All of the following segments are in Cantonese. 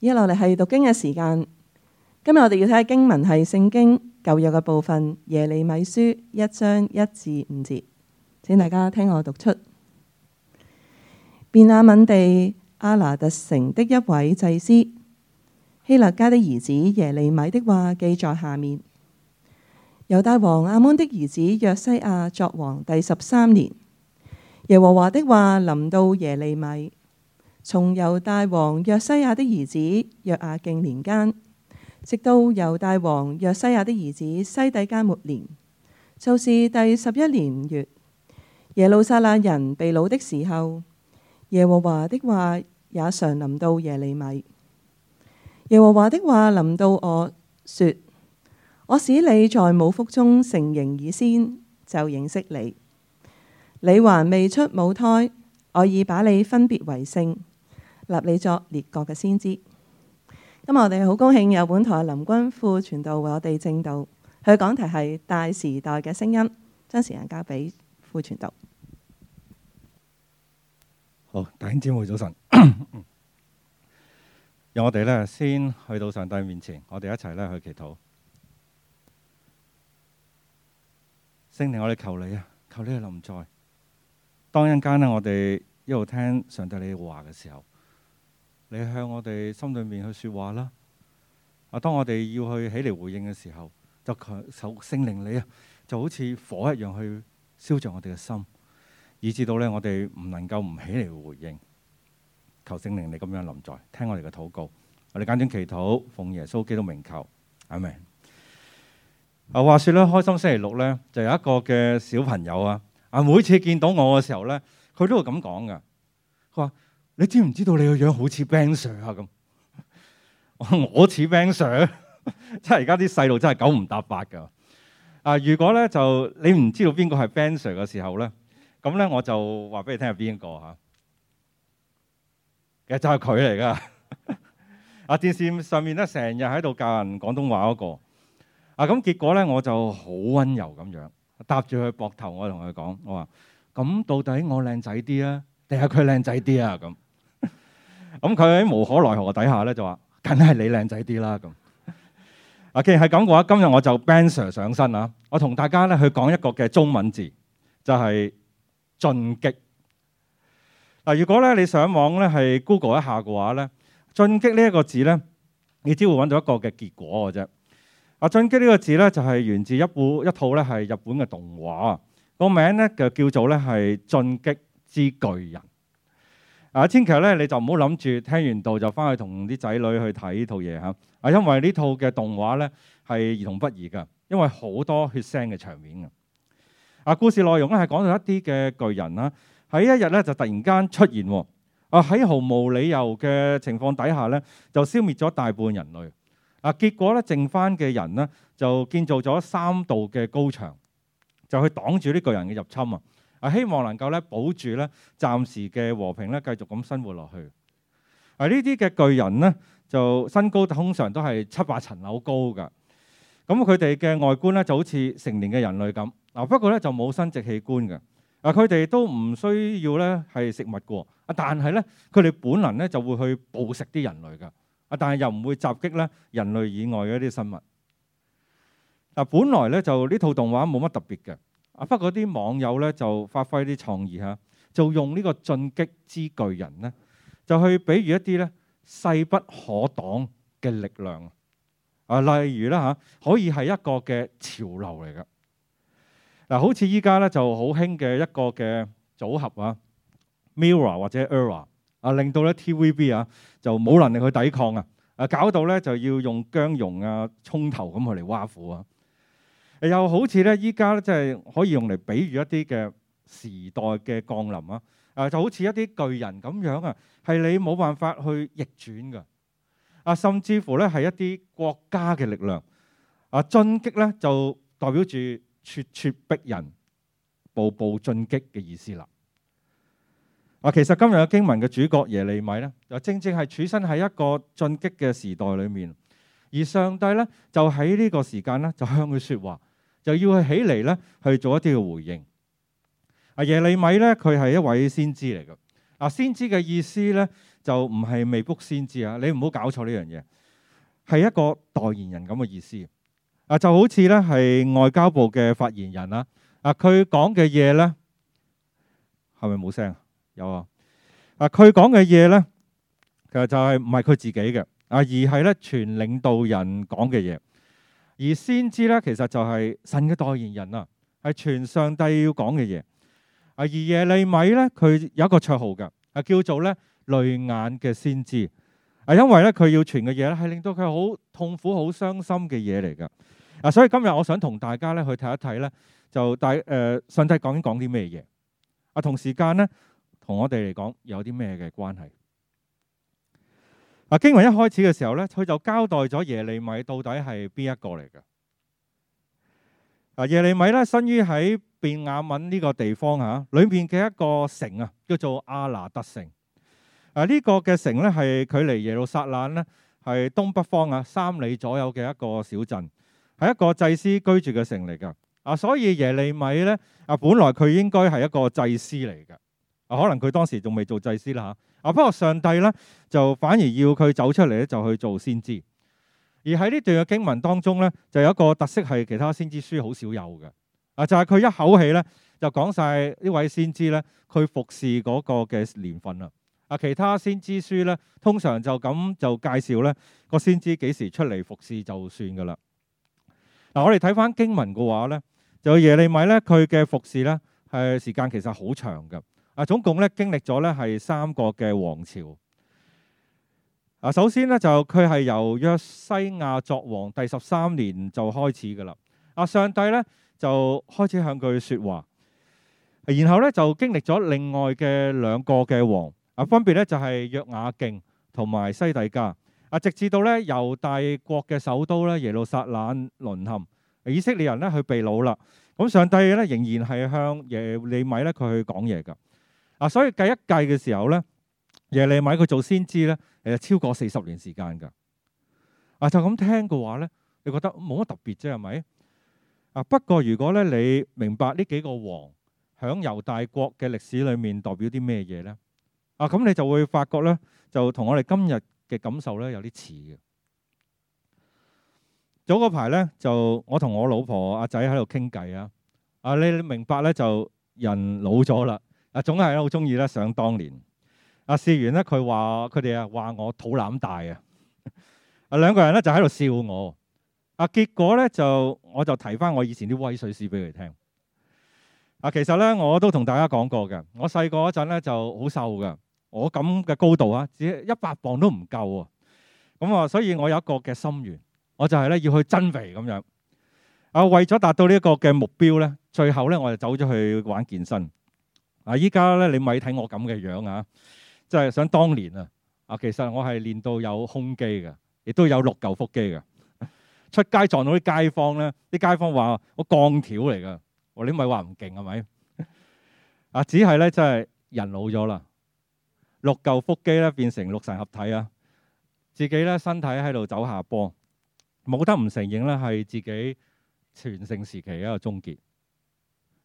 而家落嚟係讀經嘅時間，今日我哋要睇嘅經文係聖經舊約嘅部分《耶利米書》一章一至五節，請大家聽我讀出。便雅憫地阿拿達城的一位祭司希勒家的兒子耶利米的話記在下面：猶大王亞們的兒子約西亞作王第十三年，耶和華的話臨到耶利米。從猶大王約西亞的兒子約亞敬年間，直到猶大王約西亞的兒子西底家末年，就是第十一年五月，耶路撒冷人被擄的時候，耶和華的話也常臨到耶利米。耶和華的話臨到我說：我使你在母腹中成形以先，就認識你；你還未出母胎，我已把你分別為聖。立你作列國嘅先知。今日我哋好高興有本台林君富傳道為我哋證道。佢講題係大時代嘅聲音，將時間交俾富傳道。好，弟兄姊妹早晨。讓 我哋呢先去到上帝面前，我哋一齊呢去祈禱。聖靈，我哋求你啊，求你嘅臨在。當一間呢，我哋一路聽上帝你話嘅時候。你向我哋心裏面去說話啦！啊，當我哋要去起嚟回應嘅時候，就強求聖靈你啊，就好似火一樣去燒著我哋嘅心，以致到咧我哋唔能夠唔起嚟回應。求聖靈你咁樣臨在，聽我哋嘅禱告，我哋簡短祈禱，奉耶穌基督名求，阿們。啊，話說咧，開心星期六咧，就有一個嘅小朋友啊，啊，每次見到我嘅時候咧，佢都會咁講噶，佢話。你知唔知道你個樣好似 Ben Sir 啊咁？我似像 Ben Sir， 的真係而家啲細路真係九唔搭八噶。啊，如果咧就你唔知道邊個係 Ben Sir 嘅時候咧，咁咧我就話俾你聽係邊個嚇？其實就係佢嚟噶。啊，電視上面咧成日喺度教人廣東話嗰個。啊，咁結果咧我就好溫柔咁樣搭住佢膊頭，我同佢講：我話咁到底我靚仔啲啊，定係佢靚仔啲啊？咁咁佢喺無可奈何底下咧，就話：梗係你靚仔啲啦。咁 啊，既然係咁嘅話，今日我就 ban sir 上身啊！我同大家咧去講一個嘅中文字，就係進擊。嗱、啊，如果咧你上網咧係 Google 一下嘅話咧，進擊呢一個字咧，你只會揾到一個嘅結果嘅啫。啊，進擊呢個字咧，就係源自一部一套咧係日本嘅動畫，個名咧就叫做咧係《進擊之巨人》。啊，千祈咧，你就唔好諗住聽完道就翻去同啲仔女去睇呢套嘢嚇。啊，因為呢套嘅動畫咧係兒童不宜㗎，因為好多血腥嘅場面㗎。啊，故事內容咧係講到一啲嘅巨人啦，喺、啊、一日咧就突然間出現喎。啊，喺毫無理由嘅情況底下咧，就消滅咗大半人類。啊，結果咧剩翻嘅人呢就建造咗三道嘅高牆，就去擋住呢巨人嘅入侵啊！啊，希望能夠咧保住咧暫時嘅和平咧，繼續咁生活落去。啊，呢啲嘅巨人咧就身高通常都係七八層樓高㗎。咁佢哋嘅外觀咧就好似成年嘅人類咁。啊，不過咧就冇生殖器官嘅。啊，佢哋都唔需要咧係食物嘅。啊，但係咧佢哋本能咧就會去捕食啲人類㗎。啊，但係又唔會襲擊咧人類以外嘅一啲生物。嗱，本來咧就呢套動畫冇乜特別嘅。啊！不過啲網友咧就發揮啲創意嚇，就用呢個進擊之巨人咧，就去比喻一啲咧勢不可擋嘅力量啊，例如啦，嚇可以係一個嘅潮流嚟㗎。嗱，好似依家咧就好興嘅一個嘅組合啊，Mirror 或者 Error 啊，令到咧 TVB 啊就冇能力去抵抗啊，啊搞到咧就要用姜蓉啊、葱頭咁去嚟挖苦啊。又好似咧，依家咧即係可以用嚟比喻一啲嘅時代嘅降臨啊！啊，就好似一啲巨人咁樣啊，係你冇辦法去逆轉嘅啊，甚至乎咧係一啲國家嘅力量啊，進擊咧就代表住咄咄逼人、步步進擊嘅意思啦。嗱，其實今日嘅經文嘅主角耶利米咧，就正正係處身喺一個進擊嘅時代裏面，而上帝咧就喺呢個時間咧就向佢説話。就要去起嚟咧，去做一啲嘅回應。啊，耶利米咧，佢係一位先知嚟嘅。嗱，先知嘅意思咧，就唔係未卜先知啊，你唔好搞錯呢樣嘢，係一個代言人咁嘅意思。啊，就好似咧係外交部嘅發言人啦。啊，佢講嘅嘢咧，係咪冇聲？有啊。啊，佢講嘅嘢咧，其實就係唔係佢自己嘅啊，而係咧全領導人講嘅嘢。而先知咧，其實就係神嘅代言人啊，係傳上帝要講嘅嘢啊。而耶利米咧，佢有一個綽號嘅啊，叫做咧淚眼嘅先知啊，因為咧佢要傳嘅嘢咧，係令到佢好痛苦、好傷心嘅嘢嚟㗎啊。所以今日我想同大家咧去睇一睇咧，就大誒、呃、上帝講緊講啲咩嘢啊，同時間咧同我哋嚟講有啲咩嘅關係？啊，經文一開始嘅時候咧，佢就交代咗耶利米到底係邊一個嚟嘅。啊，耶利米咧生於喺便雅憫呢個地方嚇，裏、啊、面嘅一個城啊，叫做亞拿突城。啊，這個、呢個嘅城咧係距離耶路撒冷咧係東北方啊三里左右嘅一個小鎮，係一個祭司居住嘅城嚟嘅。啊，所以耶利米咧啊，本來佢應該係一個祭司嚟嘅。啊，可能佢當時仲未做祭司啦嚇。啊啊，不過上帝咧就反而要佢走出嚟咧就去做先知，而喺呢段嘅經文當中咧就有一個特色係其他先知書好少有嘅啊，就係、是、佢一口氣咧就講晒呢位先知咧佢服侍嗰個嘅年份啦。啊，其他先知書咧通常就咁就介紹咧個先知幾時出嚟服侍就算噶啦。嗱、啊，我哋睇翻經文嘅話咧，就耶利米咧佢嘅服侍咧係時間其實好長嘅。啊，總共咧經歷咗咧係三個嘅王朝。啊，首先咧就佢係由約西亞作王第十三年就開始噶啦。啊，上帝咧就開始向佢説話，啊，然後咧就經歷咗另外嘅兩個嘅王。啊，分別咧就係、是、約雅敬同埋西底家。啊，直至到咧猶大國嘅首都咧耶路撒冷淪陷，以色列人咧佢被擄啦。咁上帝咧仍然係向耶利米咧佢去講嘢噶。啊，所以計一計嘅時候咧，耶利米佢做先知咧，其實超過四十年時間噶。啊，就咁聽嘅話咧，你覺得冇乜特別啫，係咪？啊，不過如果咧你明白呢幾個王響猶大國嘅歷史裏面代表啲咩嘢咧，啊，咁你就會發覺咧，就同我哋今日嘅感受咧有啲似嘅。早嗰排咧就我同我老婆阿仔喺度傾偈啊，啊，你明白咧就人老咗啦。啊，總係好中意咧，想當年。試完咧，佢話佢哋啊，話我肚腩大啊，啊，兩個人咧就喺度笑我。啊，結果咧就我就提翻我以前啲威水史俾佢聽。啊，其實咧我都同大家講過嘅，我細個嗰陣咧就好瘦嘅，我咁嘅高度啊，只一百磅都唔夠啊。咁啊，所以我有一個嘅心願，我就係咧要去增肥咁樣。啊，為咗達到呢一個嘅目標咧，最後咧我就走咗去了玩健身。啊！依家咧，你咪睇我咁嘅樣啊！即係想當年啊！啊，其實我係練到有胸肌嘅，亦都有六嚿腹肌嘅，啊。出街撞到啲街坊咧，啲街坊話我、那個、鋼條嚟㗎，我你咪話唔勁係咪？啊，只係咧，真係人老咗啦，六嚿腹肌咧變成六神合體啊！自己咧身體喺度走下坡，冇得唔承認啦，係自己全盛時期嘅一個終結。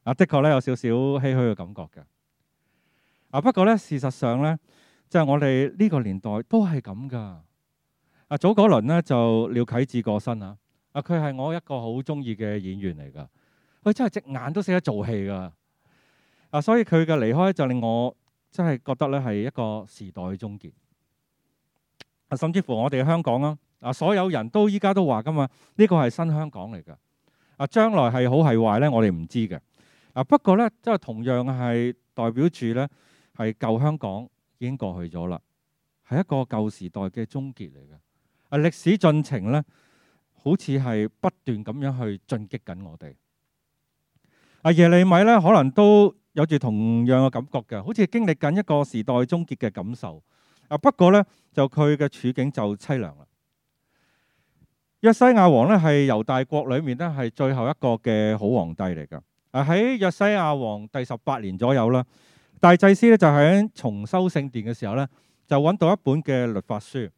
啊，的確咧，有少少唏噓嘅感覺嘅。啊，不過咧事實上咧，即係我哋呢個年代都係咁噶。啊，早嗰輪咧就廖啟智過身啊。啊，佢係我一個好中意嘅演員嚟噶。佢真係隻眼都識得做戲噶。啊，所以佢嘅離開就令我真係覺得咧，係一個時代嘅終結。啊，甚至乎我哋香港啦，啊，所有人都依家都話噶嘛，呢個係新香港嚟噶。啊，將來係好係壞咧，我哋唔知嘅。嗱，不過咧，即係同樣係代表住咧，係舊香港已經過去咗啦，係一個舊時代嘅終結嚟嘅。啊，歷史進程咧，好似係不斷咁樣去進擊緊我哋。啊，耶利米咧，可能都有住同樣嘅感覺嘅，好似經歷緊一個時代終結嘅感受。啊，不過咧，就佢嘅處境就凄涼啦。約西亞王咧，係猶大國裡面咧，係最後一個嘅好皇帝嚟嘅。啊！喺約西亞王第十八年左右啦，大祭司咧，就喺重修聖殿嘅時候咧，就揾到一本嘅律法書。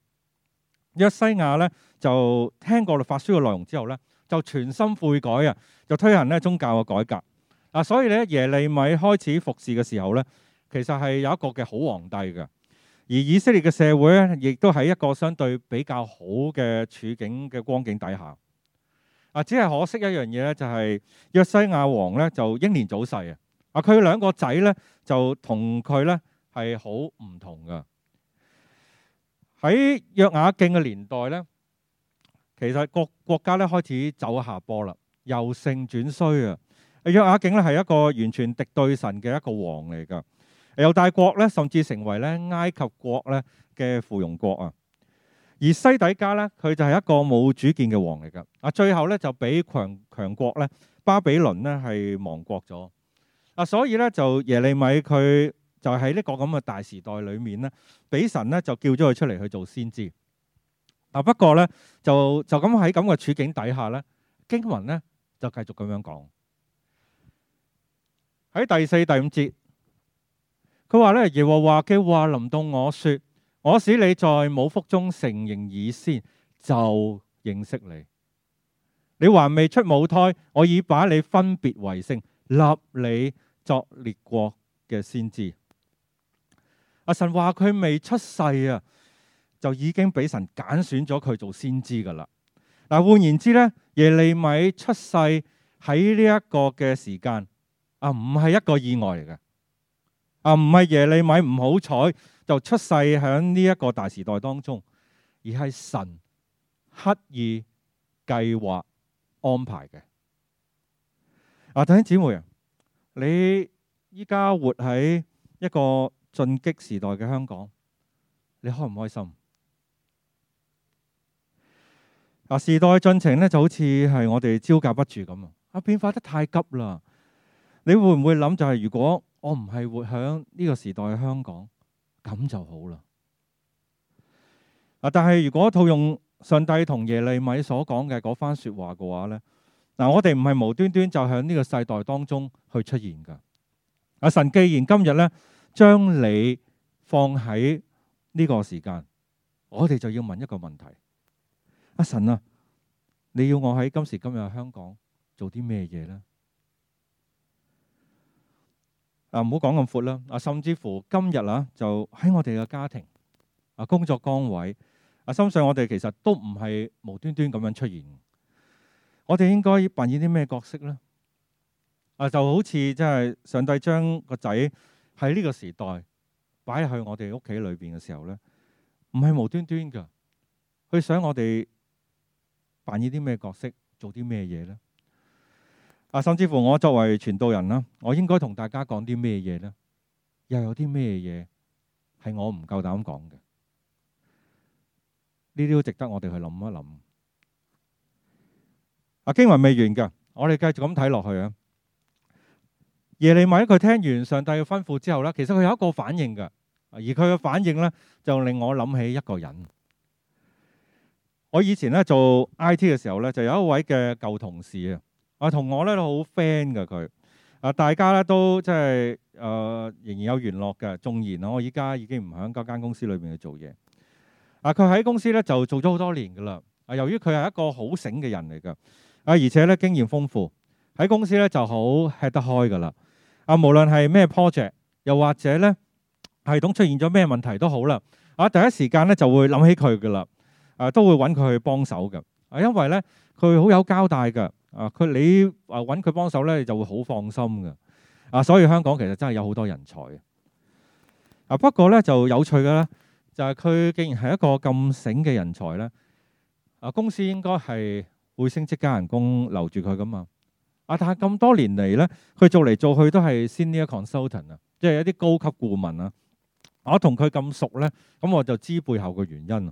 約西亞咧就聽過律法書嘅內容之後咧，就全心悔改啊，就推行咧宗教嘅改革。嗱，所以咧耶利米開始服侍嘅時候咧，其實係有一個嘅好皇帝嘅，而以色列嘅社會咧，亦都喺一個相對比較好嘅處境嘅光景底下。啊！只係可惜一樣嘢咧，就係、是、約西亞王咧就英年早逝啊！啊，佢兩個仔咧就同佢咧係好唔同噶。喺約雅敬嘅年代咧，其實各國家咧開始走下坡啦，由盛轉衰啊！約雅敬咧係一個完全敵對神嘅一個王嚟噶，猶大國咧甚至成為咧埃及國咧嘅附庸國啊。而西底家咧，佢就係一個冇主見嘅王嚟噶。啊，最後咧就俾強強國咧巴比倫咧係亡國咗。啊，所以咧就耶利米佢就喺呢個咁嘅大時代裏面咧，俾神咧就叫咗佢出嚟去做先知。啊，不過咧就就咁喺咁嘅處境底下咧，經文咧就繼續咁樣講。喺第四、第五節，佢話咧，耶和華嘅話臨到我說。 我使你在母腹中成形以先就認識你，你還未出母胎，我已把你分別為聖，立你作列國嘅先知。阿神話佢未出世啊，就已經俾神揀選咗佢做先知噶啦。嗱，換言之咧，耶利米出世喺呢一個嘅時間啊，唔係一個意外嚟嘅，啊，唔係耶利米唔好彩。就出世喺呢一個大時代當中，而係神刻意計劃安排嘅。啊，弟兄姊妹啊，你依家活喺一個進擊時代嘅香港，你開唔開心？啊，時代進程咧就好似係我哋招架不住咁啊！變化得太急啦，你會唔會諗就係、是、如果我唔係活喺呢個時代嘅香港？咁就好啦。啊，但係如果套用上帝同耶利米所講嘅嗰番說話嘅話呢，嗱，我哋唔係無端端就響呢個世代當中去出現噶。阿神既然今日呢將你放喺呢個時間，我哋就要問一個問題：阿神啊，你要我喺今時今日嘅香港做啲咩嘢呢？啊，唔好講咁闊啦！啊，甚至乎今日啊，就喺我哋嘅家庭、啊工作崗位、啊身上，我哋其實都唔係無端端咁樣出現。我哋應該扮演啲咩角色呢？啊，就好似真係上帝將個仔喺呢個時代擺去我哋屋企裏邊嘅時候呢，唔係無端端㗎，佢想我哋扮演啲咩角色，做啲咩嘢呢？啊，甚至乎我作為傳道人啦，我應該同大家講啲咩嘢呢？又有啲咩嘢係我唔夠膽講嘅？呢啲都值得我哋去諗一諗。啊，經文未完㗎，我哋繼續咁睇落去啊。耶利米佢聽完上帝嘅吩咐之後咧，其實佢有一個反應㗎，而佢嘅反應呢，就令我諗起一個人。我以前咧做 IT 嘅時候咧，就有一位嘅舊同事啊。啊，同我咧都好 friend 噶佢，啊大家咧都即係，誒仍然有聯絡嘅。縱然我依家已經唔喺嗰間公司裏面去做嘢，啊佢喺公司咧就做咗好多年噶啦。啊由於佢係一個好醒嘅人嚟㗎，啊而且咧經驗豐富，喺公司咧就好吃得開㗎啦。啊無論係咩 project，又或者咧系統出現咗咩問題都好啦，啊第一時間咧就會諗起佢㗎啦，啊都會揾佢去幫手㗎。啊因為咧。佢好有交代㗎，啊佢你啊揾佢幫手咧，你就會好放心㗎，啊所以香港其實真係有好多人才，啊不過咧就有趣嘅咧，就係佢竟然係一個咁醒嘅人才咧，啊公司應該係會升職加人工留住佢㗎嘛，啊但係咁多年嚟咧，佢做嚟做去都係 senior consultant 啊，即係一啲高級顧問啊，我同佢咁熟咧，咁我就知背後嘅原因。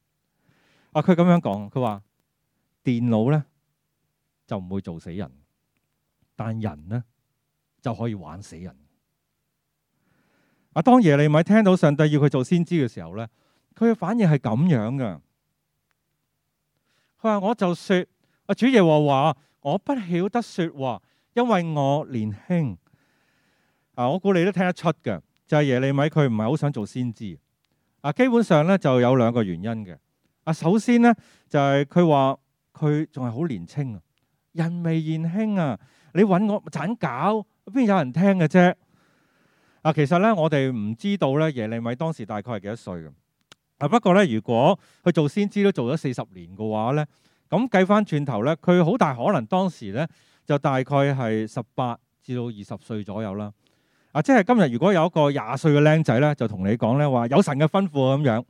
啊！佢咁樣講，佢話電腦呢就唔會做死人，但人呢就可以玩死人。啊！當耶利米聽到上帝要佢做先知嘅時候呢，佢嘅反應係咁樣㗎。佢話我就說，啊，主耶和華，我不曉得說話，因為我年輕。啊，我估你都聽得出嘅，就係、是、耶利米佢唔係好想做先知。啊，基本上呢就有兩個原因嘅。啊，首先呢，就係佢話佢仲係好年青啊，人微言輕啊，你揾我盞搞，邊有人聽嘅啫？啊，其實呢，我哋唔知道呢耶利米當時大概係幾多歲嘅？啊，不過呢，如果佢做先知都做咗四十年嘅話呢，咁計返轉頭呢，佢好大可能當時呢就大概係十八至到二十歲左右啦。啊，即係今日如果有一個廿歲嘅僆仔呢，就同你講呢話有神嘅吩咐咁樣。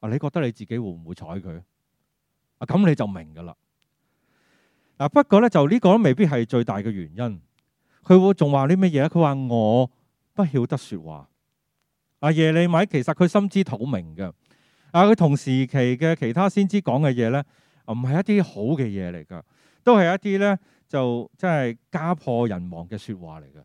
啊！你覺得你自己會唔會睬佢啊？咁你就明噶啦。嗱，不過咧就呢個都未必係最大嘅原因。佢會仲話啲乜嘢啊？佢話我不曉得說話啊。阿耶利米，其實佢心知肚明嘅啊。佢同時期嘅其他先知講嘅嘢咧，唔係一啲好嘅嘢嚟噶，都係一啲呢，就真係家破人亡嘅説話嚟噶。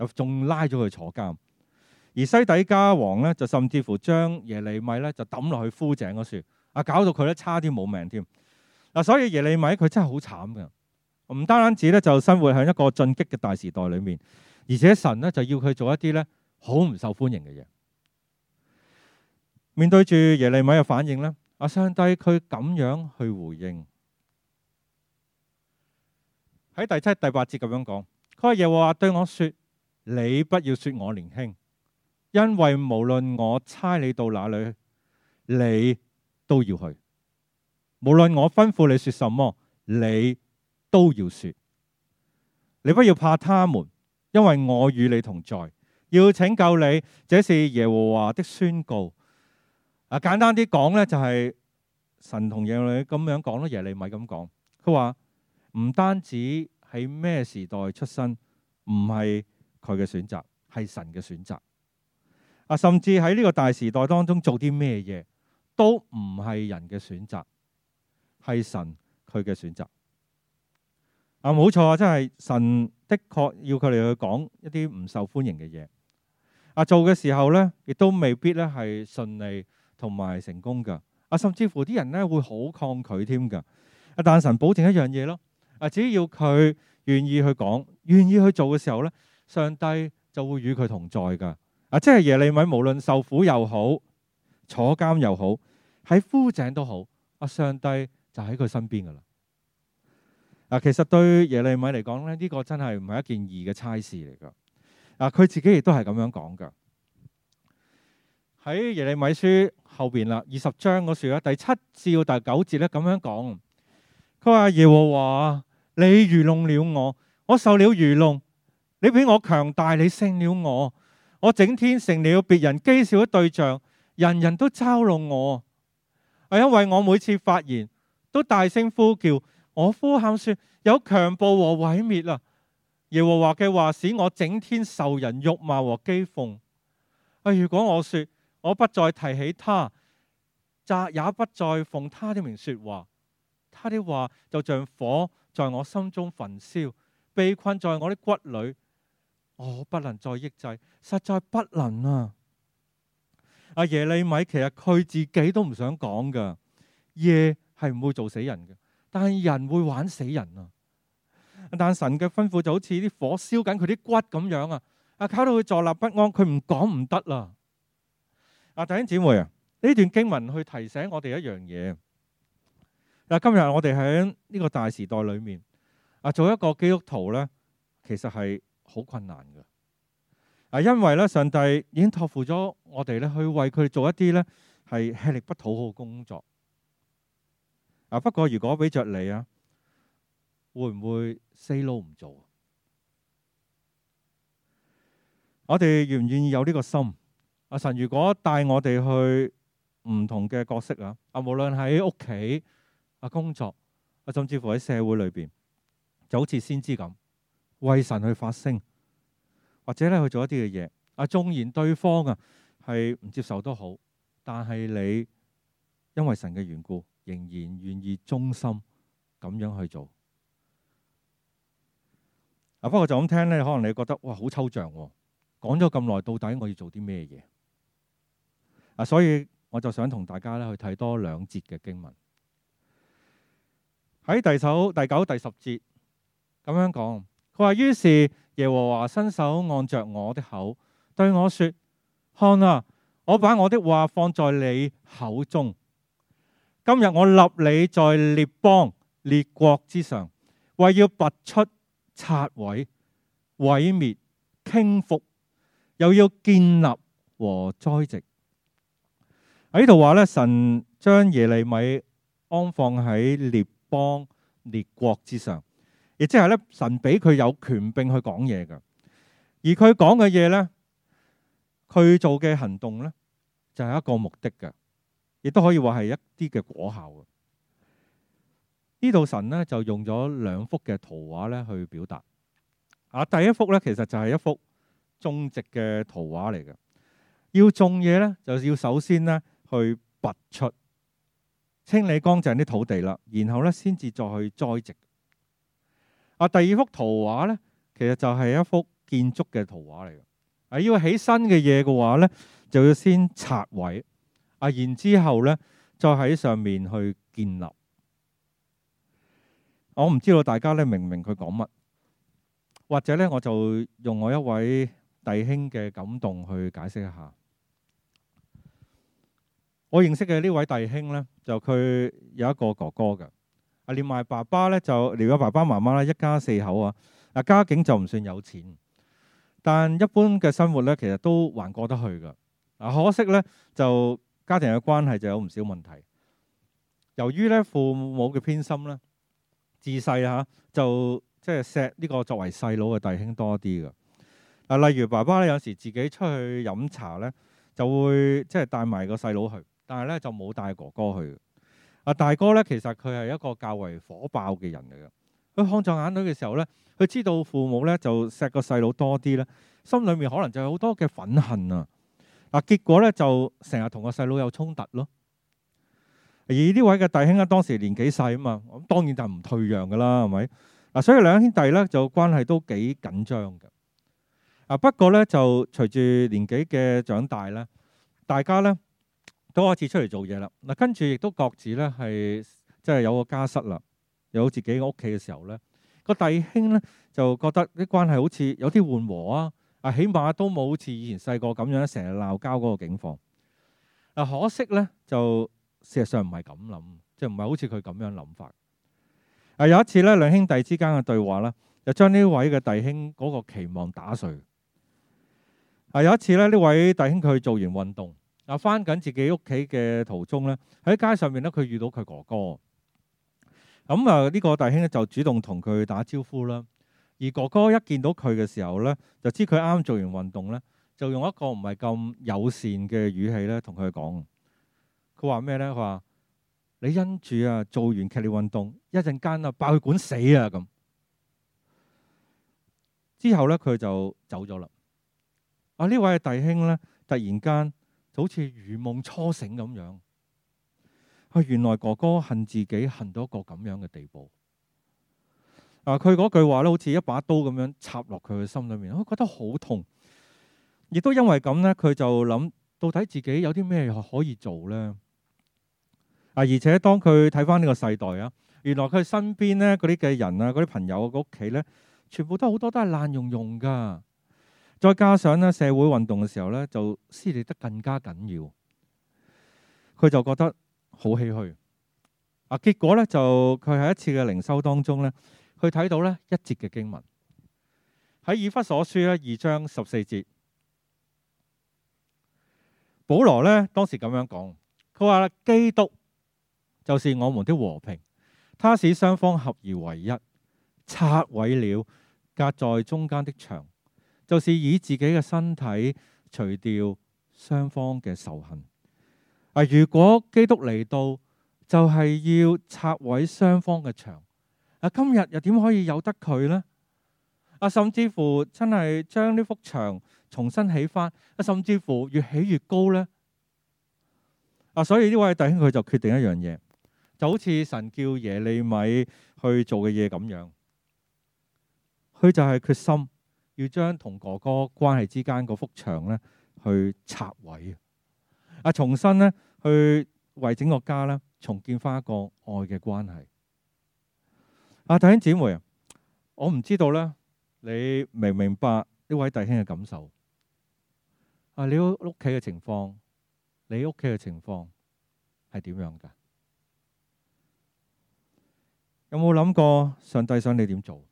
又仲拉咗佢坐監，而西底家王呢，就甚至乎將耶利米呢，就抌落去枯井嗰處，啊搞到佢咧差啲冇命添。嗱，所以耶利米佢真係好慘噶，唔單止咧就生活喺一個進擊嘅大時代裏面，而且神呢，就要佢做一啲呢好唔受歡迎嘅嘢。面對住耶利米嘅反應呢，阿上帝佢咁樣去回應，喺第七、第八節咁樣講，佢話：「耶和華對我說。」你不要說我年輕，因為無論我猜你到哪裡，你都要去；無論我吩咐你說什麼，你都要說。你不要怕他們，因為我與你同在。要拯救你，這是耶和華的宣告。簡單啲講呢，就係神同耶利咁樣講咯。耶利米咁講，佢話唔單止喺咩時代出生，唔係。佢嘅選擇係神嘅選擇啊，甚至喺呢個大時代當中做啲咩嘢都唔係人嘅選擇，係神佢嘅選擇啊。冇錯啊，真係神的確要佢哋去講一啲唔受歡迎嘅嘢啊。做嘅時候呢，亦都未必呢係順利同埋成功噶啊。甚至乎啲人呢，會好抗拒添噶啊，但神保證一樣嘢咯啊，只要佢願意去講、願意去做嘅時候呢。上帝就會與佢同在噶，啊，即係耶利米無論受苦又好，坐監又好，喺枯井都好，啊，上帝就喺佢身邊噶啦。嗱，其實對耶利米嚟講咧，呢、呢個真係唔係一件易嘅差事嚟噶。嗱，佢自己亦都係咁樣講噶。喺耶利米書後邊啦，二十章嗰時啦，第七至到第九節咧，咁樣講。佢話：耶和華，你愚弄了我，我受了愚弄。你比我強大，你勝了我，我整天成了別人譏笑的對象，人人都嘲弄我。係因為我每次發言都大聲呼叫，我呼喊說有強暴和毀滅啊！耶和華嘅話，的話使我整天受人辱罵和譏諷。啊，如果我說我不再提起他，也也不再奉他的名說話，他的話就像火在我心中焚燒，被困在我啲骨裏。我不能再抑制，實在不能啊！阿耶利米，其實佢自己都唔想講㗎，嘢係唔會做死人嘅，但係人會玩死人啊！但神嘅吩咐就好似啲火燒緊佢啲骨咁樣啊！啊，搞到佢坐立不安，佢唔講唔得啦！啊，弟兄姊妹啊，呢段經文去提醒我哋一樣嘢。嗱，今日我哋喺呢個大時代裏面啊，做一個基督徒咧，其實係。好困難噶，啊，因為咧，上帝已經托付咗我哋咧，去為佢做一啲咧係吃力不討好嘅工作。啊，不過如果俾着你啊，會唔會 say no 唔做？我哋願唔願意有呢個心？啊，神如果帶我哋去唔同嘅角色啊，啊，無論喺屋企、啊工作、啊甚至乎喺社會裏邊，就好似先知咁。為神去發聲，或者咧去做一啲嘅嘢。啊，縱然對方啊係唔接受都好，但係你因為神嘅緣故，仍然願意忠心咁樣去做。啊，不過就咁聽咧，可能你覺得哇好抽象，哦，講咗咁耐，到底我要做啲咩嘢？啊，所以我就想同大家咧去睇多兩節嘅經文，喺第首第九、第十節咁樣講。佢話：於是耶和華伸手按着我的口，對我說：看啊，我把我的話放在你口中。今日我立你在列邦列國之上，為要拔出毀，拆毀、毀滅、傾覆，又要建立和栽植。喺呢度話咧，神將耶利米安放喺列邦列國之上。亦即係咧，神俾佢有權柄去講嘢噶，而佢講嘅嘢呢，佢做嘅行動呢，就係一個目的噶，亦都可以話係一啲嘅果效啊！呢度神呢，就用咗兩幅嘅圖畫呢去表達啊！第一幅呢，其實就係一幅種植嘅圖畫嚟嘅，要種嘢呢，就要首先呢去拔出、清理乾淨啲土地啦，然後呢先至再去栽植。啊，第二幅圖畫呢，其實就係一幅建築嘅圖畫嚟嘅。啊，要起新嘅嘢嘅話呢，就要先拆毀。啊，然之後呢，再喺上面去建立。我唔知道大家呢，明唔明佢講乜，或者呢，我就用我一位弟兄嘅感動去解釋一下。我認識嘅呢位弟兄呢，就佢有一個哥哥嘅。連埋爸爸咧，就連咗爸爸媽媽咧，一家四口啊。嗱，家境就唔算有錢，但一般嘅生活咧，其實都還過得去噶。嗱，可惜咧，就家庭嘅關係就有唔少問題。由於咧父母嘅偏心咧，自細啊自細下就即係錫呢個作為細佬嘅弟兄多啲嘅。嗱，例如爸爸咧，有時自己出去飲茶咧，就會即係帶埋個細佬去，但係咧就冇帶哥哥去。啊大哥咧，其實佢係一個較為火爆嘅人嚟嘅。佢看在眼裏嘅時候咧，佢知道父母咧就錫個細佬多啲咧，心裏面可能就有好多嘅憤恨啊！嗱、啊，結果咧就成日同個細佬有衝突咯。而呢位嘅弟兄咧，當時年紀細啊嘛，咁當然就唔退讓噶啦，係咪？嗱，所以兩兄弟咧就關係都幾緊張嘅。啊不過咧，就隨住年紀嘅長大咧，大家咧，都開始出嚟做嘢啦。嗱，跟住亦都各自呢，係即係有個家室啦，有自己嘅屋企嘅時候呢，個弟兄呢，就覺得啲關係好似有啲緩和啊。啊，起碼都冇好似以前細個咁樣成日鬧交嗰個境況。可惜呢，就事實上唔係咁諗，即係唔係好似佢咁樣諗法。啊，有一次呢，兩兄弟之間嘅對話呢，就將呢位嘅弟兄嗰個期望打碎。啊，有一次呢，呢位弟兄佢做完運動。嗱，翻緊自己屋企嘅途中呢，喺街上面咧，佢遇到佢哥哥。咁啊，呢個弟兄咧就主動同佢打招呼啦。而哥哥一見到佢嘅時候呢，就知佢啱啱做完運動呢，就用一個唔係咁友善嘅語氣咧同佢講。佢話咩呢？佢話：你因住啊，做完劇烈運動，一陣間啊爆血管死啊咁。之後呢，佢就走咗啦。啊，呢位弟兄呢，突然間～好似如夢初醒咁樣，啊，原來哥哥恨自己恨到一個咁樣嘅地步。啊，佢嗰句話咧，好似一把刀咁樣插落佢嘅心裏面，佢覺得好痛。亦都因為咁呢，佢就諗到底自己有啲咩可以做呢？啊，而且當佢睇翻呢個世代啊，原來佢身邊呢，嗰啲嘅人啊，嗰啲朋友個屋企呢，全部都好多都係爛溶溶噶。再加上咧，社會運動嘅時候咧，就撕裂得更加緊要。佢就覺得好唏噓。啊，結果咧就佢喺一次嘅靈修當中咧，佢睇到咧一節嘅經文喺以弗所書咧二章十四節。保羅咧當時咁樣講，佢話基督就是我們的和平，他使雙方合而為一，拆毀了隔在中間的牆。就是以自己嘅身體除掉雙方嘅仇恨。啊，如果基督嚟到，就係要拆毀雙方嘅牆。啊，今日又點可以有得佢呢？啊，甚至乎真係將呢幅牆重新起返，啊，甚至乎越起越高呢？啊，所以呢位弟兄佢就決定一樣嘢，就好似神叫耶利米去做嘅嘢咁樣，佢就係決心。要將同哥哥關係之間嗰幅牆咧，去拆毀啊，重新咧去為整個家咧重建翻一個愛嘅關係。啊，弟兄姊妹啊，我唔知道咧，你明唔明白呢位弟兄嘅感受？啊，你屋屋企嘅情況，你屋企嘅情況係點樣噶？有冇諗過上帝想你點做？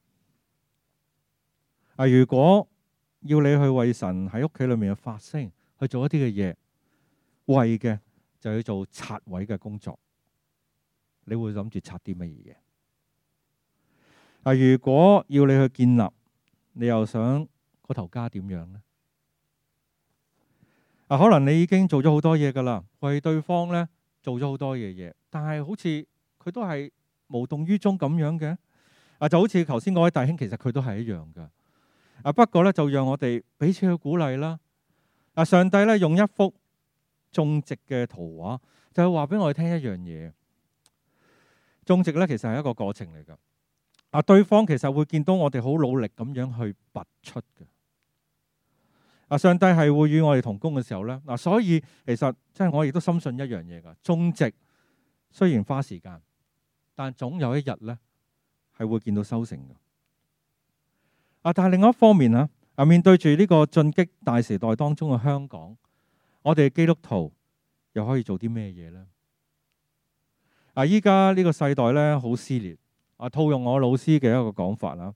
嗱，如果要你去為神喺屋企裏面嘅發聲，去做一啲嘅嘢，為嘅就要做拆位嘅工作，你會諗住拆啲乜嘢嘢？嗱，如果要你去建立，你又想嗰頭家點樣咧？嗱，可能你已經做咗好多嘢噶啦，為對方咧做咗好多嘢嘢，但係好似佢都係無動於衷咁樣嘅。嗱，就好似頭先嗰位大兄，其實佢都係一樣噶。啊！不過咧，就讓我哋彼此去鼓勵啦。啊！上帝咧用一幅種植嘅圖畫，就係話俾我哋聽一樣嘢：種植咧其實係一個過程嚟㗎。啊！對方其實會見到我哋好努力咁樣去拔出㗎。啊！上帝係會與我哋同工嘅時候咧。嗱，所以其實即係我亦都深信一樣嘢㗎：種植雖然花時間，但總有一日咧係會見到收成㗎。啊！但係另一方面啦，啊，面對住呢個進擊大時代當中嘅香港，我哋基督徒又可以做啲咩嘢呢？啊！依家呢個世代呢，好撕裂啊！套用我老師嘅一個講法啦，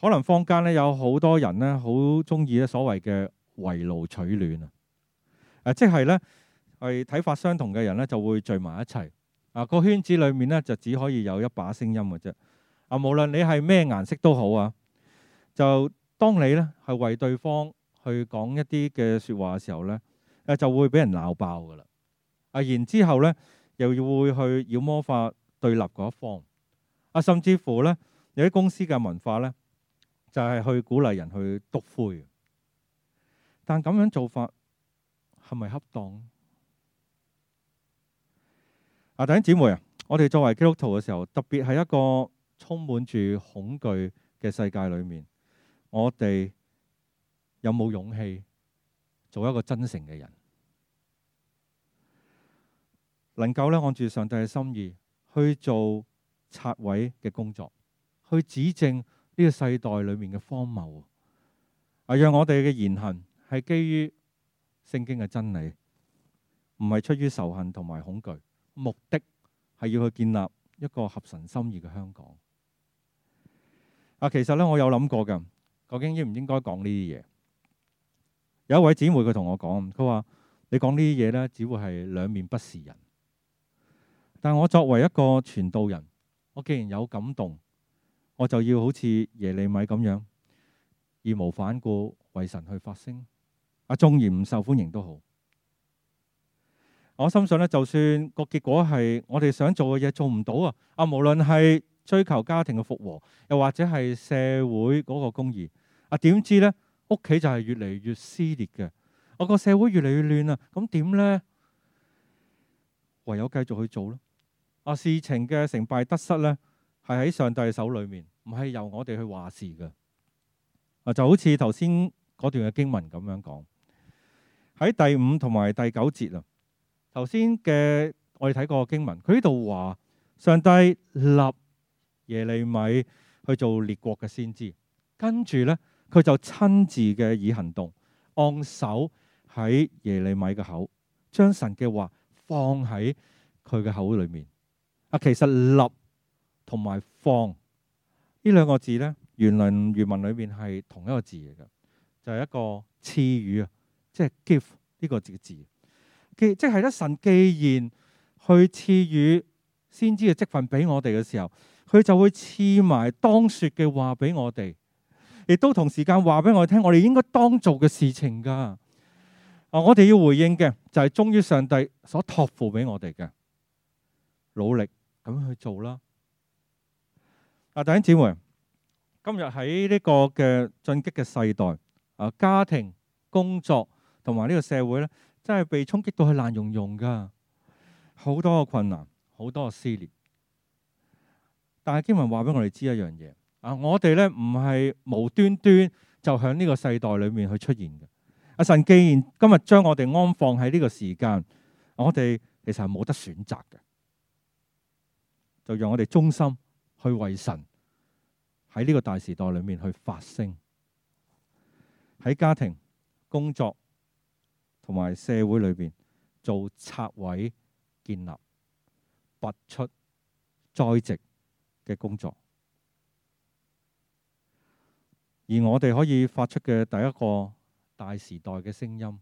可能坊間呢有好多人呢，好鍾意呢所謂嘅圍爐取暖啊！即係呢，係睇法相同嘅人呢，就會聚埋一齊啊！個圈子裡面呢，就只可以有一把聲音嘅啫啊！無論你係咩顏色都好啊！就當你呢係為對方去講一啲嘅説話嘅時候呢，誒就會俾人鬧爆噶啦。啊，然之後呢，又要會去妖魔化對立嗰一方啊，甚至乎呢，有啲公司嘅文化呢，就係去鼓勵人去篤灰。但咁樣做法係咪恰當啊？弟兄姊妹啊，我哋作為基督徒嘅時候，特別係一個充滿住恐懼嘅世界裏面。我哋有冇勇氣做一個真誠嘅人，能夠咧按住上帝嘅心意去做拆毀嘅工作，去指正呢個世代裏面嘅荒謬，啊，讓我哋嘅言行係基於聖經嘅真理，唔係出於仇恨同埋恐懼，目的係要去建立一個合神心意嘅香港。啊，其實咧我有諗過㗎。究竟應唔應該講呢啲嘢？有一位姊妹佢同我講，佢話你講呢啲嘢咧，只會係兩面不是人。但我作為一個傳道人，我既然有感動，我就要好似耶利米咁樣，義無反顧為神去發聲。啊，縱然唔受歡迎都好，我心想咧，就算個結果係我哋想做嘅嘢做唔到啊，啊，無論係追求家庭嘅復和，又或者係社會嗰個公義。啊！點知咧，屋企就係越嚟越撕裂嘅。我個社會越嚟越亂啊！咁點呢？唯有繼續去做咯。啊！事情嘅成敗得失呢，係喺上帝手裏面，唔係由我哋去話事嘅。啊！就好似頭先嗰段嘅經文咁樣講喺第五同埋第九節啊。頭先嘅我哋睇過嘅經文，佢呢度話上帝立耶利米去做列國嘅先知，跟住呢。佢就親自嘅以行動按手喺耶利米嘅口，將神嘅話放喺佢嘅口裏面。啊，其實立同埋放呢兩個字呢，原來原文裏面係同一個字嚟嘅，就係、是、一個賜予啊，即係 give 呢個字。既即係一神既然去賜予先知嘅職分俾我哋嘅時候，佢就會賜埋當説嘅話俾我哋，亦都同時間話俾我哋聽，我哋應該當做嘅事情噶。啊，我哋要回應嘅就係忠於上帝所託付俾我哋嘅，努力咁去做啦。啊，弟兄姊妹，今日喺呢個嘅進擊嘅世代，啊，家庭、工作同埋呢個社會咧，真係被衝擊到係爛溶溶噶，好多嘅困難，好多嘅撕裂。但係經文話俾我哋知一樣嘢。啊！我哋咧唔係無端端就喺呢個世代裏面去出現嘅。阿神既然今日將我哋安放喺呢個時間，我哋其實係冇得選擇嘅，就讓我哋忠心去為神喺呢個大時代裏面去發聲，喺家庭、工作同埋社會裏邊做拆毀、建立、拔出、栽植嘅工作。而我哋可以發出嘅第一個大時代嘅聲音，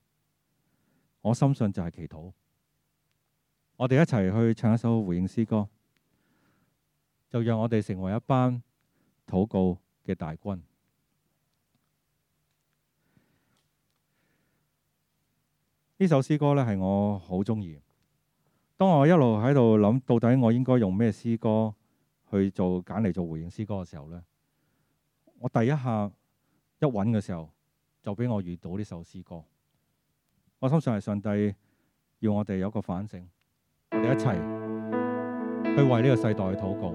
我深信就係祈禱。我哋一齊去唱一首回應詩歌，就讓我哋成為一班禱告嘅大軍。呢首詩歌呢，係我好中意。當我一路喺度諗，到底我應該用咩詩歌去做，揀嚟做回應詩歌嘅時候呢。我第一下一揾嘅時候，就俾我遇到呢首詩歌。我相信係上帝要我哋有個反省，我哋一齊去為呢個世代去禱告，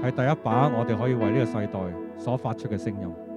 係第一把我哋可以為呢個世代所發出嘅聲音。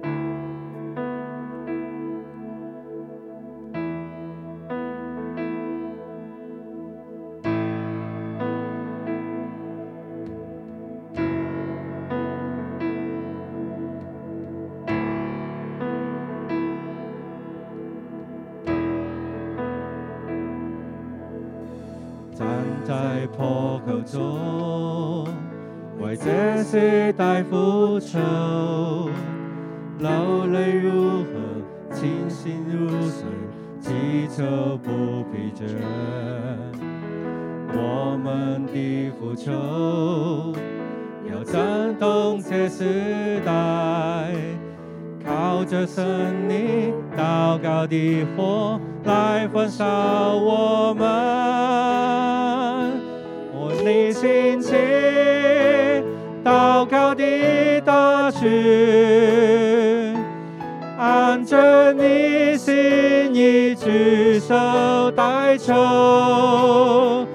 一舉手代求，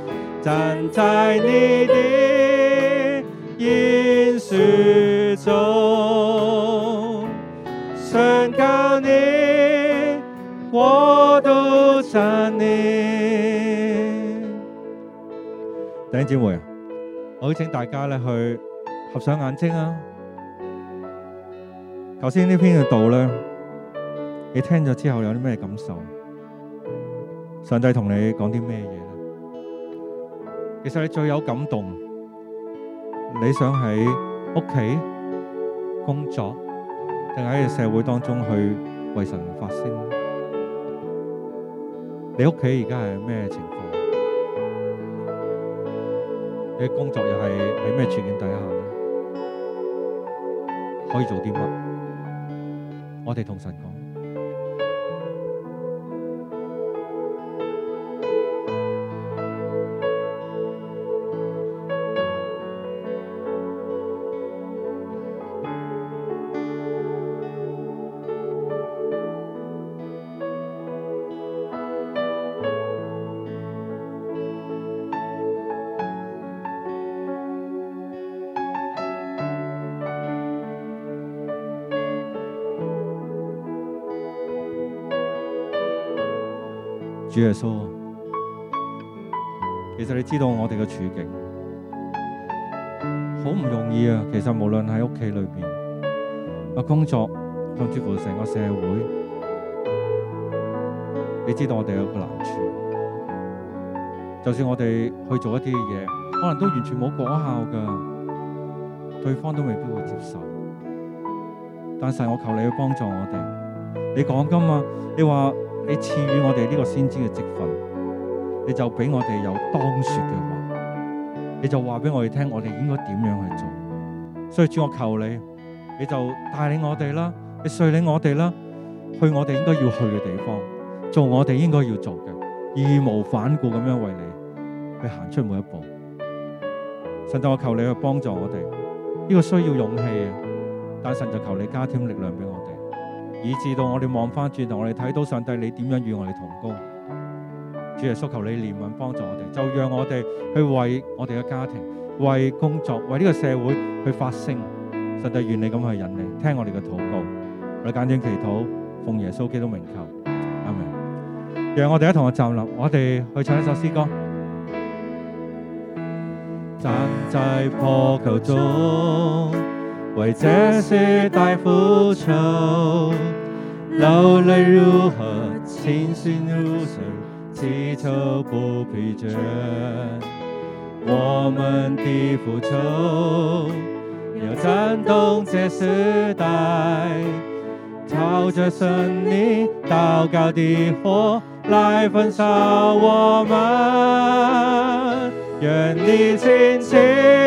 站在你的言說中，上高你我都讚你。弟兄姊妹啊，我請大家咧去合上眼睛啊。頭先呢篇嘅道呢你聽咗之後有啲咩感受？上帝同你講啲咩嘢咧？其實你最有感動，你想喺屋企、工作，定喺社會當中去為神發聲？你屋企而家係咩情況？你嘅工作又係喺咩處境底下咧？可以做啲乜？我哋同神。主耶穌，其實你知道我哋嘅處境好唔容易啊。其實無論喺屋企裏邊、啊工作，甚至乎成個社會，你知道我哋有個難處。就算我哋去做一啲嘢，可能都完全冇果效噶對方都未必會接受。但係，我求你去幫助我哋。你講噶嘛，你話。你賜予我哋呢個先知嘅職分，你就俾我哋有當說嘅話，你就話俾我哋聽，我哋應該點樣去做。所以主我求你，你就帶領我哋啦，你率領我哋啦，去我哋應該要去嘅地方，做我哋應該要做嘅，義無反顧咁樣為你去行出每一步。神就我求你去幫助我哋，呢個需要勇氣，但神就求你加添力量俾我哋。以至到我哋望翻轉頭，我哋睇到上帝，你點樣與我哋同工？主耶穌求你憐憫幫助我哋，就讓我哋去為我哋嘅家庭、為工作、為呢個社會去發聲。上帝願你咁去引領，聽我哋嘅禱告，我哋簡短祈禱，奉耶穌基督名求，阿門。讓我哋一同去站立，我哋去唱一首詩歌，站在破口中。為這世代復仇，流淚如何？清新如水，祈求不疲倦。我們的復仇要震動這世代，朝着聖靈禱告的火來焚燒我們。願你輕輕。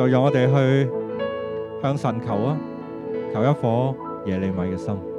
就讓我哋去向神求啊，求一顆耶利米嘅心。